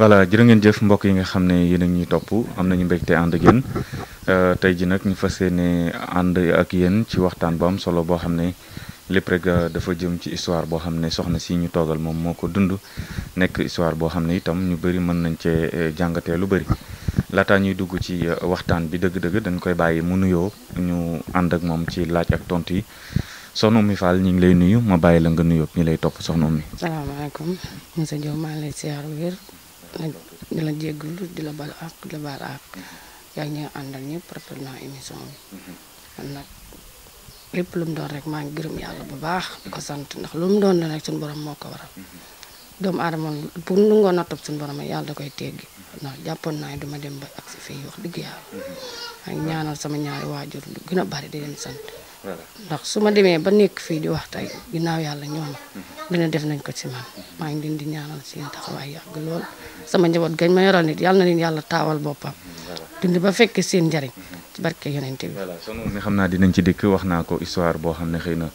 voilà jërë ngeen jëf mbokk yi nga xam ne yéen a ñuy topp am nañu mbégte ànd ak yéen euh, tey ji nag ñu fas yéene ànd ak yéen ci waxtaan bu am solo boo xam ne lépp rek euh, dafa jëm ci histoire boo xam ne soxna si ñu toogal moom moo ko dund nekk histoire boo xam ne itam ñu bëri mën nañ cee euh, jàngatee lu bëri laataa ñuy dugg ci waxtaan bi dëgg-dëgg dañ koy bàyyi mu nuyoo ñu ànd ak moom ci laaj ak tontu yi soxna Oumy ñu ngi lay nuyu ma bàyyi la nga nuyoo ñu lay topp soxna Oumy. di la jéggalu di la bal ak di la baal ak yaa ngi àndal ñëpp rafetlu émission bi kon mm-hmm. nag lépp lu doon rek maa ngi gërëm yàlla bu baax di ko sant ndax lu doon la rek suñu borom moo ko waral mm-hmm. doomu aadama pour nu ngoo nattab suñu borom yàlla da koy teggi ndax jàppoon naa duma dem ba ak si fii wax dëgg yàlla mm-hmm. ak ngi ñaanal sama ñaari waajur lu gën a bari di leen sant ndax su ma demee ba nekk fii di wax tey ginnaaw yàlla ñoo ma mhm. dina def nañ ko ci man maa ngi leen di ñaanal seen taxawaay yàgg lool sama njaboot gañ ma yoral nit yàlla na leen yàlla taawal boppam dund ba fekkee seen njariñ ci barke yonente bi voilà soxna mi xam naa dinañ ci dikk wax naa ko histoire boo xam ne xëy na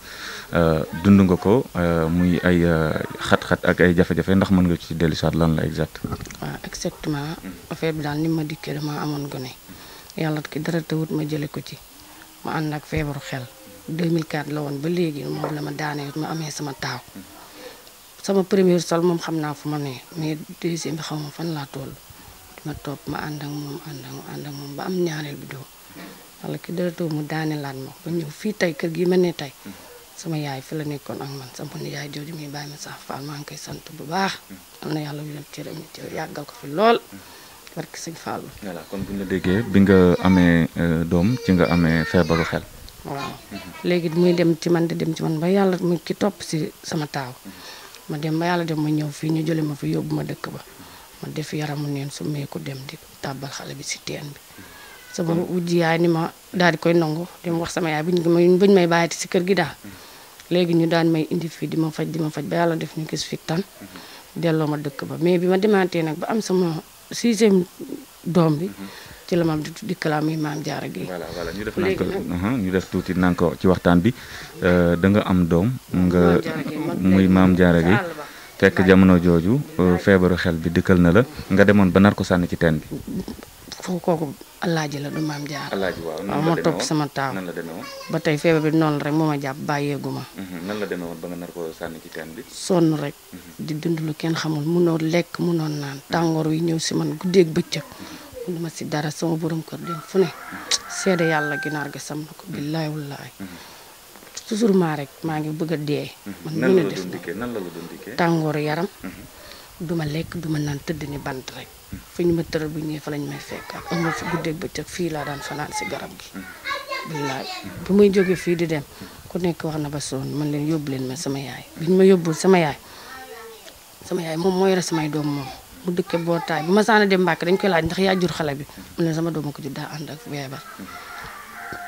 euh, dund nga ko euh, muy ay euh, xat-xat ak ay jafe-jafe ndax mën nga ci dellu saat lan la exact waaw exactement affaire bi daal ni ma dikkee dama amoon gone yàlla ki dara tawut ma jële ko ci ma ànd ak feebaru xel 2004 la woon ba léegi moom la ma daanee ma amee sama taaw sama premier sol moom xam naa fu ma ne mais deuxième bi xaw ma fan laa toll ma topp ma ànd ak moom ànd ak moom ànd ak moom ba am ñaareel bi mu daane laat ma ba ñëw fii tey kër gi ma ne tey sama yaay fi la nekkoon ak man sama yaay jooju muy bàyyi ma sax faal maa ngi koy sant bu baax am na yàlla wéral cëram cër yàggal ko fi lool barke sëñ Fallou voilà kon bu ñu la déggee bi nga amee euh, doom ci nga amee feebaru xel waaw léegi muy dem ci man di dem ci man ba yàlla mu ki topp si sama taaw ma dem ba yàlla dem ma ñëw fii ñu jële ma fi yóbbu ma dëkk ba ma def yaramu neen su meeku dem di tàbbal xale bi si teen bi sama wujj yaay ni ma daal di koy nangu dem wax sama yaay buñ buñ may bàyyati si kër gi daal léegi ñu daan may indi fii di ma faj di ma faj ba yàlla def ñu gis fi tan delloo ma dëkk ba mais bi ma demaatee nag ba am sama sixième doom bi ci la maam di dikkalaam muy maam jaara gi voilà voilà ñu def nank ñu def tuuti nank ci waxtaan bi euh, da nga am doom nga muy maam jaara gi tekk jamono jooju euh, feebaru xel bi dikkal na la nga demoon ba nar ko sànni ci teen bi foofu kooku la du maam jaar waaw moo topp sama taaw ba tey feebar bi noonu rek moo jàpp bàyyeegu ma nan la demee woon ba nga nar ko bi sonn rek di dund lu kenn xamul munoo lekk munoo naan tàngoor wi ñëw si man guddeeg bëccëg lu ma si dara sama borom kër dem fu ne yàlla ginaar gi sam na ko billaay wallaay toujours maa rek maa ngi bëgg a dee mhm. man mën a def tàngooru yaram mhm. duma lekk duma naan tëdd ni bant rek mhm. fi ñu ma tëral bu ñëwee fa lañ may fekkaat amul fi guddeeg bëccëg fii laa daan fanaan si garab gi billaay bu may jóge fii di dem ku nekk wax na ba soon man leen yóbbu leen ma sama yaay bi ñu ma yóbbul sama yaay sama yaay moom mooy rek samay doom moom bu dëkkee bootaay bu ma saana dem Mbàkke dañ koy laaj ndax yaa jur xale bi sama doom ko jur daa ànd ak feebar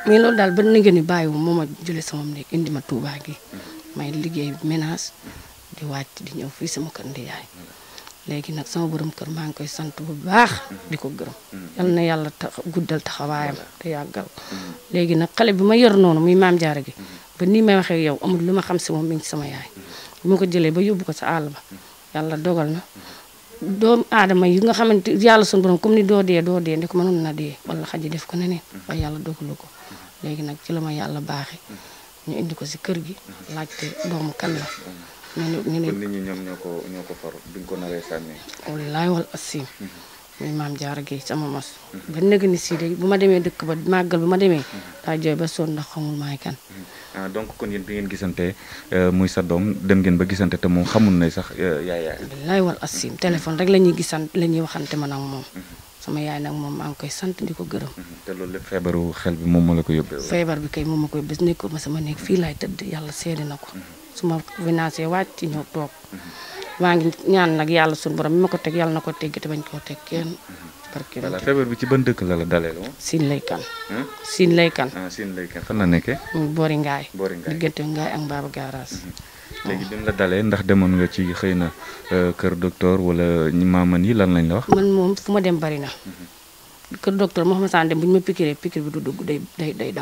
mais loolu daal ba na ngeen ni bàyyiwu moo ma jëlee sama néeg indi ma Touba gi may liggéey ménage di wàcc di ñëw fii sama kër léegi nag sama borom kër maa ngi koy sant bu baax di ko gërëm na yàlla tax guddal taxawaayam te yàggal léegi nag xale bi ma yor noonu muy maam jaara gi ba nii may waxee yow amul lu ma xam si moom mi ngi sama yaay bi ko jëlee ba yóbbu ko sa àll ba yàlla dogal na doomu aadama yi nga xamante yàlla suñu borom comme ni doo dee doo dee ndek mënoon na dee wala xaji def ko neneen mm-hmm. waaye yàlla dogalu ko mm-hmm. léegi nag ci la ma yàlla baaxe mm-hmm. ñu indi ko si kër gi laajte doomu kan la ñu ne ñoom ñoo ko ñoo ko far duñ ko naree sànni wallaay wal asim muy maam Diarra Guèye sama mos. ba nëgg ni si de bu ma demee dëkk ba màggal bu ma demee. daa ba sonn ndax xamul maay kan. ah donc kon yéen bi ngeen gisante euh, muy sa doom dem ngeen ba gisante te moom xamul ne sax euh, yaay yaay. billaay wal asim téléphone rek la ñuy gisante la ñuy waxante man ak moom. sama yaay nag moom maa ngi koy sant di ko gërëm. Mhm, te loolu lépp feebaru xel bi moom moo la ko yóbbee. feebar bi kay moom ma koy bés nekkul ma sama néeg fii laay tëdd yàlla seede na ko. Mhm. su ma financé wàcc ñëw toog. Mhm. waa ngi ñaan nag yàlla suñu borom bi ma ko teg yàlla na ko teg te bañ koo teg kenn. barke voilà feebar bi ci ban dëkk la la dalee woon. Sine lay kan. Hmm? Sine lay kan. ah Sine fan la nekkee. Hmm, Boori Ngaay. Boori Ngaay diggante Ngaay ak Baba Garage. Hmm. léegi bi mu la dalee ndax demoon nga ci xëy na euh, kër docteur wala maaman yi lan lañ la wax. man moom fu ma dem bari na. kër docteur moo xamante ne dem bu ñu ma piqûre piqûre bi du dugg day day day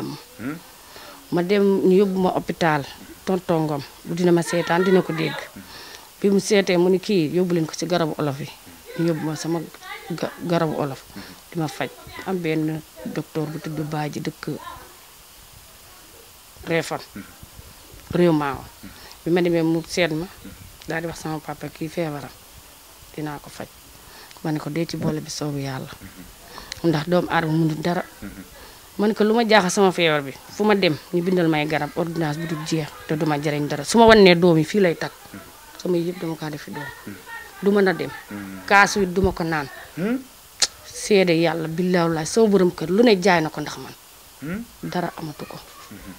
ma dem ñu yóbbu ma hôpital tonton Ngom dina ma seetaan dina ko dégg. bi mu seetee mu ni kii yóbbu leen ko ci garabu olof yi ñu yóbbu ma sama garabu olof di ma faj am benn docteur bu tudd Baaji dëkk Réfan réew maaw bi ma demee mu seet ma daal wax sama papa kii feebaram dinaa ko faj ma ne ko dee ci boole bi soobu yàlla ndax doomu aadama mënul dara man ko lu ma jaaxa sama feebar bi fu ma dem ñu bindal may garab ordonnance bu du jeex te duma jariñ dara su ma wannee doom yi fii lay takk sama yëpp dama kaa defi doom du mën a dem kaas wi duma ko naan hmm? seede yàlla billaahi wallaahi sama borom kër lu ne jaay na ko ndax man hmm? dara amatu ko hmm.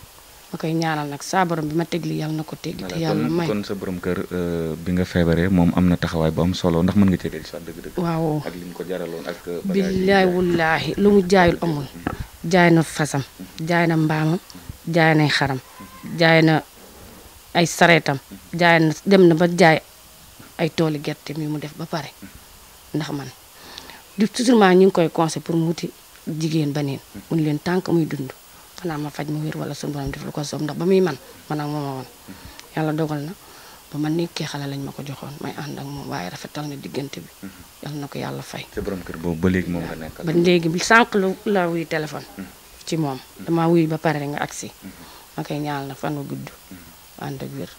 ma koy ñaanal nag saa borom bi ma teg li yàlla na ko teggi te yàlla may sa borom kër euh, bi nga feebaree moom am na taxawaay bu am solo ndax mën nga cee dellusiwaat dëgg-dëgg waaw li ñu ko jaraloon ak billaahi wallaahi lu mu jaayul amul jaay na fasam jaay na mbaamam jaay na xaram jaay na ay sareetam jaay na dem na ba jaay ay tooli gerte mi mu def ba pare ndax man du toujours ñu ngi koy conseil pour mu wuti jigéen ba neen mun leen tànk muy dund xanaa ma faj mu wér wala suñu borom def lu ko soob ndax ba muy man man ak yàlla dogal na ba ma nekkee lañ ma ko joxoon may ànd moom waaye rafetal na diggante bi yàlla na ko yàlla fay. boobu ba léegi moom léegi sànq lu la wuy téléphone. Mm. ci moom dama wuy ba pare nga agsi mm-hmm. ma koy ñaanal na fan wu gudd. ànd ak wér.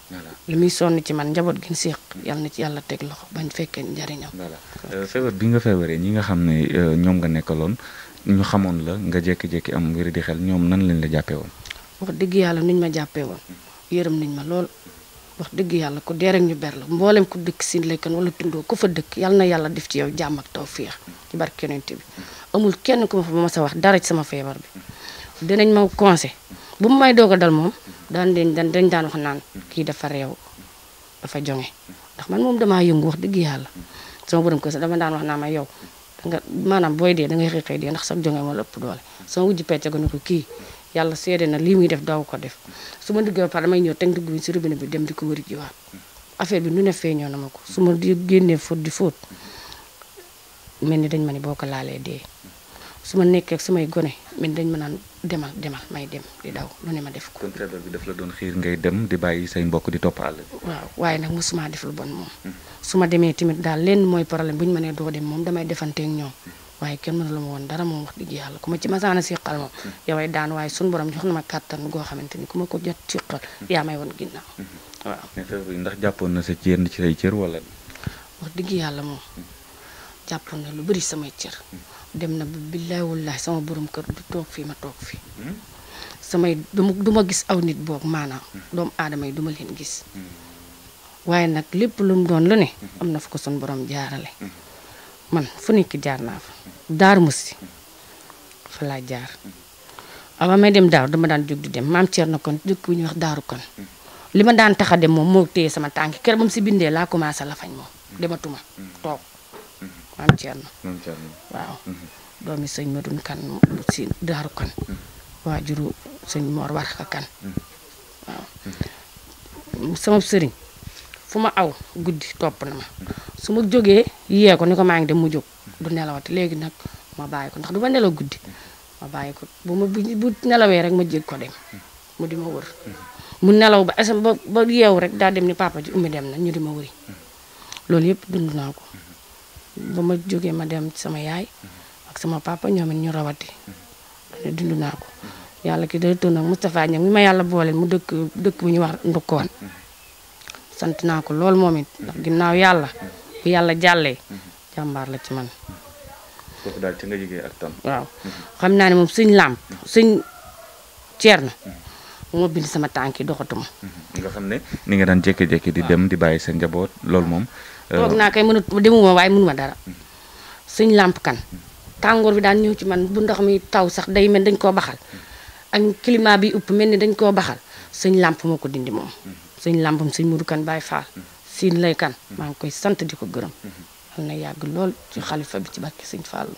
li muy sonn ci man njaboot gi ñu séq yal na ci yàlla teg loxo bañ fekkee njariñam. Euh, feebar bi nga feebaree ñi nga xam ne euh, ñoom nga nekkaloon ñu xamoon la nga jékki-jékki am wér di xel ñoom nan lañ la jàppee woon. wax dëgg yàlla nuñ ma jàppee woon yërëm nañ ma lool wax dëgg yàlla ku dee rek ñu ber la mboolem ku dëkk siin lekkan wala tundoo ko fa dëkk yal na yàlla def ci yow jàmm ak tawféex ci barke bi amul kenn ko ma fa ma sa wax dara ci sama feebar bi ma conseil bu mu may doog dal moom daan dañ dañ daan wax naan kii dafa réew dafa jonge ndax man moom damaa yëngu wax dëgg yàlla sama borom ko sax dama daan wax naa ma yow nga maanaam booy dee da ngay xëy dee ndax sax jonge moo la doole sama wujj pecc ko ne ko kii yàlla seede na lii muy def daw ko def su ma duggee ba pare damay ñëw teg dugg bi si robinet bi dem di ko wëri jiwaat affaire bi nu ne feeñoo na ma ko su ma di génnee fóot di fóot mel ni dañ ma ne boo ko laalee dee su ma nekkee ak samay gone min dañ ma naan demal demal may dem di daw lu ne ma def ko. kon feebar la doon xiir ngay dem di bàyyi say mbokk di topp àll waaw waaye nag mosuma def lu bon moom. Hmm. su ma demee tamit daal lenn mooy problème bu ñu ma doo dem moom damay defanteek ak ñoom. Hmm. waaye kenn mënu la ma woon dara moom wax dëgg yàlla ku ma ci masaana siqal moom. Hmm. yow daan waaye suñ borom jox na ma kàttan goo xamante ni ku ma ko jot siqal. yaa may woon ginnaaw. waaw ndax jàppoon na sa yenn ci say cër wala. wax dëgg yàlla moom jàppoon na lu bëri samay cër. dem na ba billaay wallaay sama borom kër du toog fii ma toog fii. Hmm? samay du ma gis aw nit boog maanaam. Hmm. doomu aadama yi duma leen gis. Hmm. waaye nag lépp lu doon lu ne. am na fu ko sun boroom jaarale. man fu nekk jaar naa fa. daar musi fa laa jaar. waaw may dem daaru dama daan jóg di dem maam na kon dëkk bu ñuy wax daaru kon. li ma daan tax a dem moom moo téye sama tànk kër ba si bindee laa commencé la fañ moom dematuma toog. maam Thierno waaw mm-hmm. doomi sëñ Madoun kan si daaru kan mm-hmm. waajuru sëñ Mor Warka kan mm-hmm. waaw sëriñ fu ma aw guddi topp na ma su ma jógee yee ko ni ko maa ngi dem mu jóg du nelawati léegi nag ma bàyyi ko ndax du ma nelaw guddi ma bàyyi ko bu ma bu nelawee rek ma jég ko dem mu di ma wër mu nelaw ba ba yeewu rek daa dem ni papa ji ummi dem na ñu di ma wëri loolu yëpp dund naa ko ba ma jógee ma dem sama yaay ak sama papa ñoom it ñu rawati dund naa ko yàlla ki day tënk Moustapha ñu ma yàlla booleel mu dëkk dëkk bu ñuy wax ndukkoon sant naa ko lool moom it ndax ginnaaw yàlla bu yàlla jàllee jàmbaar la ci man foofu daal waaw mm-hmm. xam naa ne moom sëñ Lam sëñ na bu ma bind sama tànk yi doxatuma. Mhm. nga xam ne ni nga daan jékki-jékki di dem di bàyyi sa njaboot loolu moom. Euh, toog naa kay mënut demuma waaye mënuma dara mhm. suñ làmp kan mhm. tàngoor bi daan ñëw ci man bu ndox mi taw sax day mel dañ koo baxal ak climat bi upp mel ni dañ koo baxal suñ làmp moo ko dindi moom suñ làmpam suñ mudu kan bàyyi faal siin lay kan maa ngi koy sant di ko gërëm am na yàgg lool ci xalifa bi ci barke suñ faal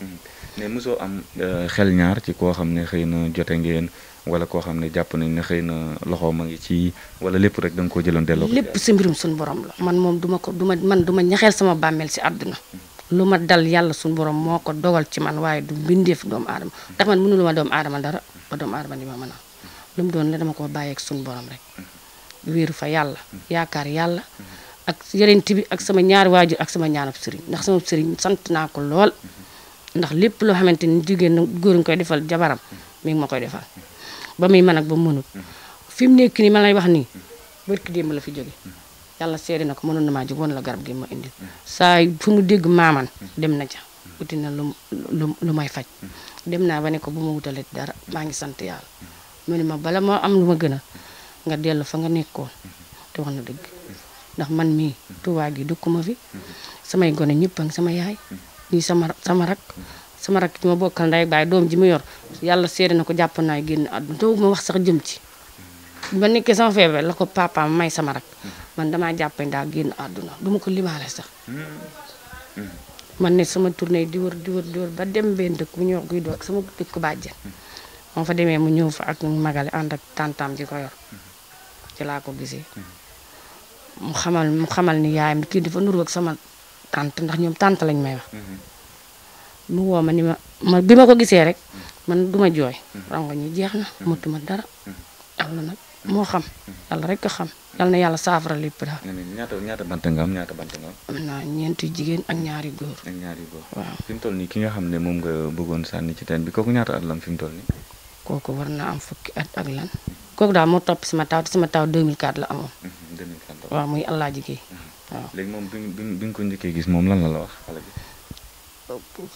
mais mosoo am euh, xel ñaar ci koo xam ne xëy na jote ngeen wala koo xam ne jàpp nañ ne xëy na loxo ma ngi ci wala lépp rek da nga koo jëloon delloo lépp si mbirum suñu borom la man moom duma ko duma man duma ñaxeel sama bàmmeel si àdduna mm-hmm. lu ma dal yàlla suñu borom moo ko dogal ci man waaye du mbindeef doomu aadama ndax man mënu lu ma doomu aadama dara ba doomu aadama di ma mën a mm-hmm. lu mu doon la dama ko bàyyi ak suñu borom rek mm-hmm. wéeru fa yàlla yaakaar yàlla ak yeneenti bi ak sama ñaari waajur ak sama ñaanab sëriñ ndax sama sëriñ sant naa ko lool ndax lépp loo xamante ni jigéen góor nga koy defal jabaram mi ngi ma koy defal ba muy mën ak ba mu mënul mm-hmm. fi mu nekk nii ma lay wax nii barki démb la fi jóge yàlla seede na ko mënoon na maa jóg woon la garab gi ma indi mm-hmm. saa fu mu dégg maaman mm-hmm. dem na ca uti na lu lu lu may faj dem naa ba ne ko bu ma wutalee dara maa ngi sant yàlla mu ne ma bala ma am lu ma gën a nga dellu fa nga nekkoon te wax na dëgg ndax man mii Tuubaa gi dëkkuma fi samay gone ñëpp ak sama yaay ñii sama sama rak sama rakk ci ma bokkal ndey baay doom ji mu yor yàlla seede na ko jàpp naa génn àdduna taw ma wax sax jëm ci ba nekkee sama feebar la ko papaam may sama rakk man damaa jàpp ne daa génn àdduna duma ko limaale sax man ne sama turne di wër di wër di ba dem benn dëkk bu ñuy wax guy doog sama dëkk bàjjen moom fa demee mu ñëw fa ak magale ànd ak tantam ji ko yor ci laa ko gisee mu xamal mu xamal ni yaayam kii dafa nuru ak sama tànt ndax ñoom tànt lañ may mu woo ma ni ma ma bi ma ko gisee rek man du ma jooy. rango ñi jeex na motuma dara. yàlla nag moo xam. yàlla rek xam yal na yàlla saafara lépp daal. ñaata ñaata bant nga am ñaata bant nga am. naa ñeenti jigéen ak ñaari góor. ak ñaari góor fi mu toll nii ki nga xam ne moom nga bëggoon sànni ci teen bi kooku ñaata at lam fi mu toll nii. kooku war naa am fukki at ak lan. kooku daal moo topp sama taw te sama taw 2004 la amoon. 2004 mhm, waaw muy Alaaji Guèye mhm. waaw. léegi moom bi bi nga ko njëkkee gis moom lan la la wax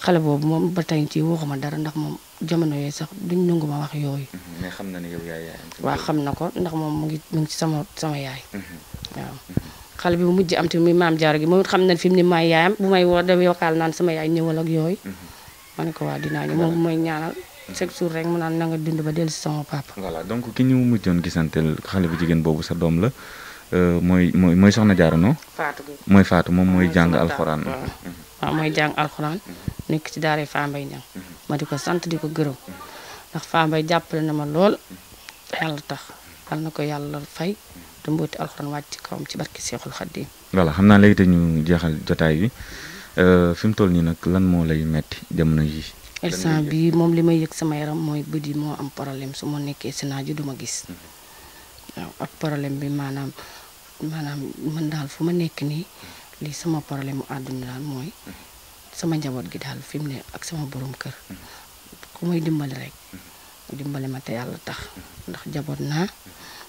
xale boobu moom ba tey ci waxuma dara ndax moom jamono yooyu sax duñ nangu ma wax yooyu. Mhm. mais xam na ne yow yaay yaayam. waaw xam na ko ndax moom mu ngi mu ngi ci sama sama yaay. Mhm. waaw mhm. xale bi bu mujj am te muy maam jaaro gi moom it xam na fi mu ne maay yaayam bu may woo damay yokkaal naan sama yaay ñëwal ak yooyu. ma ne ko waa dinaa ñëw moom mooy ñaanal. chaque jour rek mu naan na nga dund ba dellu si sama papa. voilà donc ki ñu mujjoon gisanteel xale bu jigéen boobu sa doom la euh, mooy mooy mooy soxna jaaro noo. Fatou mooy Fatou moom mooy jàng alxuraan. Ah, mooy jàng alxuraan nekk ci daaree Fambaye Niang mm-hmm. ma di ko sant di ko gërëm ndax Fambaye jàppale na ma lool yàlla tax yal na ko yàlla fay te mbooti alxuraan wàcc ci kawam ci barki Seexul Xaddiim. voilà xam naa léegi te ñu jeexal jotaay bi euh, fi mu toll nii nag lan moo lay metti jamono yi instant bi moom li may yëg sama yaram mooy bët yi moo am problème su ma nekkee si naaju duma gis mm-hmm. waaw ak problème bi maanaam maanaam man daal fu ma nekk nii li sama problème mu àdduna daal mooy sama njaboot gi daal fi mu ne ak sama borom kër ku muy dimbali rek dimbali ma te yàlla tax ndax jaboot naa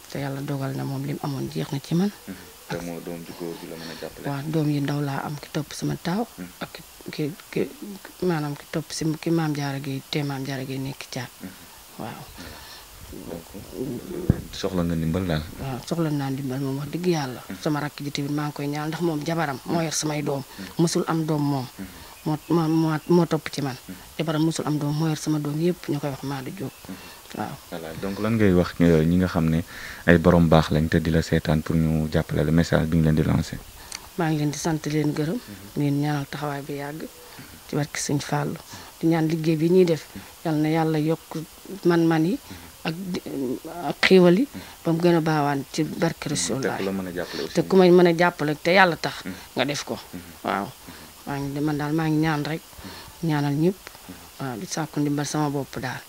te yàlla dogal na moom lim amoon jeex na ci man. te doom ju yi ndaw laa am ki topp sama taaw. ak ki maanaam ki topp si ki maam jaaree gi te maam jaaree gi nekk caat waaw. soxla nga ndimbal daal. waaw soxla naa ndimbal moom wax dëgg yàlla. sama rakk ji tamit maa ngi koy ñaan ndax moom jabaram moo yor samay doom. mosul am doom moom. moo moo moo topp ci man. jabaram mosul am doom moo yor sama doom yëpp ñu koy wax Madou Diop waaw. voilà donc lan ngay wax euh, ñi nga xam ne ay borom baax lañ te di la seetaan pour ñu jàppale la message bi nga leen di lancé. maa ngi leen di sant leen gërëm. Mhm. ngeen ñaanal taxawaay bi yàgg. ci barki Sëñ Fallou di ñaan liggéey bi ñuy def yàlla yokk man-man yi. ak ak yi ba mu gën a baawaan ci barke Rasulullah te ku may mën a jàppale te yàlla tax mm-hmm. nga def ko mm-hmm. waaw mm-hmm. maa ngi man daal maa ngi ñaan rek ñaanal ñëpp waaw di sàkku ndimbal sama bopp daal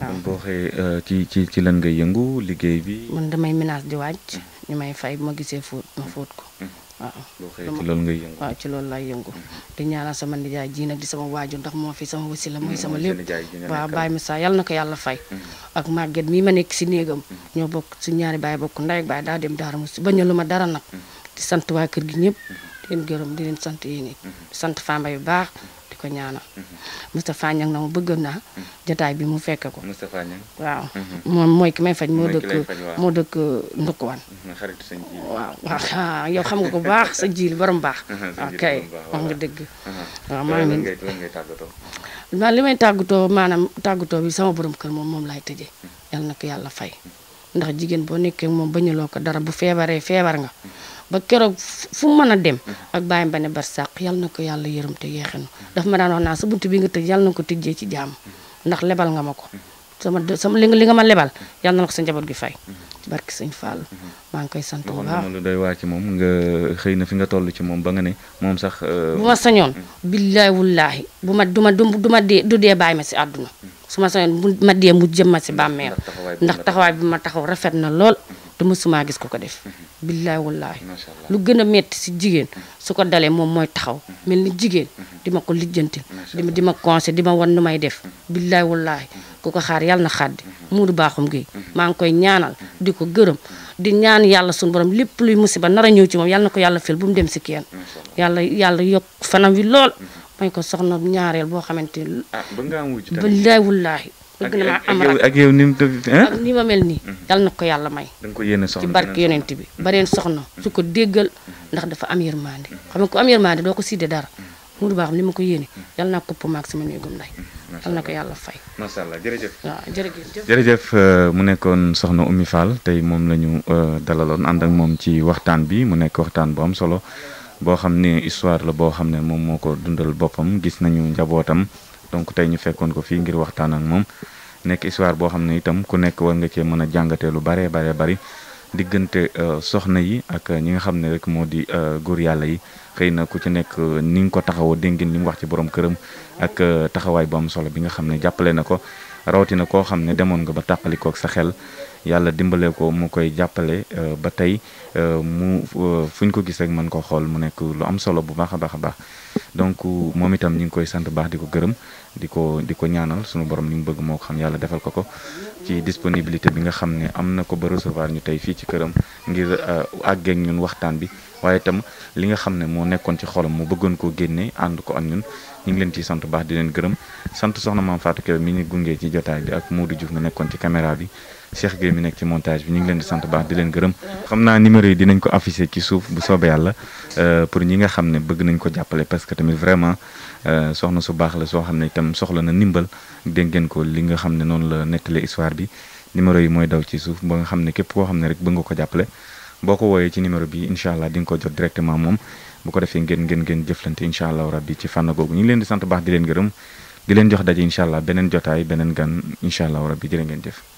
waaw boo waxee euh, ci ci ci lan ngay yëngu liggéey bi man damay ménage di wàcc ñu may fay ma gisee fóot ma fóot ko waaw ah, loolu ngay yëngu waaw ci loolu laay yëngu di ñaanal sama nijaay ji nag di sama waajur ndax moo fi sama wasila mooy sama lépp baay Baye Moussa yàlla na ko yàlla fay mm-hmm. ak Maguette mii ma nekk si néegam mm-hmm. ñoo bokk si ñaari baay bokku ndey baay daa dem daara mu si lu ma dara nag mm-hmm. di sant waa kër gi ñëpp di leen gërëm di leen sant yéen sant Fambaye bu baax ko ñaanal. Mhm. Moustapha Niang na mu bëggoon naa. Mhm. jotaay bi mu fekk ko. Moustapha waaw. Mhm. moom mooy ki may faj. moo dëkk moo dëkk Ndukkuwan. xarit yow xam nga ko baax sa ji borom baax. sa ji li may tàggatoo maanaam tàggatoo bi sama borom kër moom moom laay tëje yàlla na ko yàlla fay. ndax jigéen boo nekkee moom bañaloo ko dara bu feebaree feebar nga. ba keroog fu mu mën a dem ak bàyyam ba ne barsàq yal na ko yàlla yërëm te yeexinu daf ma daan wax naa sa bunt bi nga tëj yal na ko tijjee ci jàmm ndax lebal nga ma ko sama sama li nga ma lebal yal na ko sa njaboot gi fay barki sañ Fall maa ngi koy sant bu baax lu doy waa ci moom xëy na fi nga toll ci moom ba nga ne moom sax euh, bu ma sañoon billaay wallaahi bu ma du ma du ma dee du dee baay ma si àdduna su ma sañoon bu ma dee mu jëm ma si bàmmeel ndax taxawaay bi ma taxaw rafet na lool te mësumaa gis ko ko def. Mhm. billaay wallaay lu gën a metti si jigéen mhm. su ko dalee moom mooy taxaw mhm. mel ni jigéen di ma ko lijjanti di ma conseil di ma wan nu may def billaay wallaay ku ko xaar yàlla na xàddi muudu baaxum gi maa ngi koy ñaanal di ko gërëm di ñaan yàlla suñu borom lépp luy musiba nar a ñëw ci moom yàlla ko yàlla fil bu mu dem si kenn yàlla yàlla yokk fanam wi lool may ko soxna ñaareel boo xamante ni. ah ba na am ak yow ni mu ni ma mel nii. Mhm. yàlla na ko yàlla may. da ko yéene soxna ci barke yonent bi. bareen soxna mhm. su ko déggal mhm. ndax dafa am yërmande. xam nga ku am yërmande doo ko sidde dara. mu du baax ni ma ko yéene yàlla naa kopp maximum néegum nday yàlla na ko yàlla fay. macha allah jërëjëf. waaw jërëjëf euh, mu nekkoon soxna Oumy Fall tey moom la ñu euh, dalaloon ànd ak moom ci waxtaan bi mu nekk waxtaan bu am solo boo xam ne histoire la boo xam ne moom moo ko dundal boppam gis nañu njabootam donc tey ñu fekkoon ko fii ngir waxtaan ak moom nekk histoire boo xam ne itam ku nekk war nga cee mën a jàngatee lu baree baree bari diggante euh, soxna yi ak euh, ñi nga xam ne rek moo di euh, góor yàlla yi xëy na ku ci nekk ni nga ko taxawoo dégg li mu wax ci borom këram ak taxawaay bu am solo bi nga xam ne jàppale na ko rawatina koo xam ne demoon nga ba tàqalikook sa xel yàlla dimbalee ko mu koy jàppale euh, ba tey euh, mu euh, fu ñu ko gis rek mën koo xool mu nekk lu am solo bu baax a baax a baax donc moom itam ñu ngi koy sant baax di ko gërëm di ko di ko ñaanal sunu borom li mu bëgg moo xam yàlla defal ko ko ci disponibilité bi nga xam ne am na ko ba recevoir ñu tey fii ci këram ngir àggeek ñun waxtaan bi waaye tam li nga xam ne moo nekkoon ci xolam mu bëggoon koo génne ànd ko ak ñun ñu ngi leen ciy sant baax di leen gërëm sant soxna maam Fatou Kébé mi ñu gungee ci jotaay bi ak Modou Diouf mi nekkoon ci caméra bi Cheikh Gueye mi nekk ci montage bi ñu ngi leen di sant baax di leen gërëm xam naa numéro yi dinañ ko affiché ci suuf bu soobee euh, nga xam ne bëgg nañ ko jàppale parce que tamit vraiment euh, soxna su baax la soo xam ne itam soxla na ndimbal dégg ko li nga xam ne noonu la nettalee histoire bi numéro yi mooy suuf ba nga ne képp koo xam ne rek bëgg ko jàppale boo ko wooyee ci numéro bi incha allah di nga ko jot ko defee ngeen ngeen ngeen jëflante incha allah rabbi ci fànn googu ñu ngi leen sant baax di leen gërëm di leen jox daje incha allah beneen jotaay beneen gan incha allah rabbi jërë ngeen jëf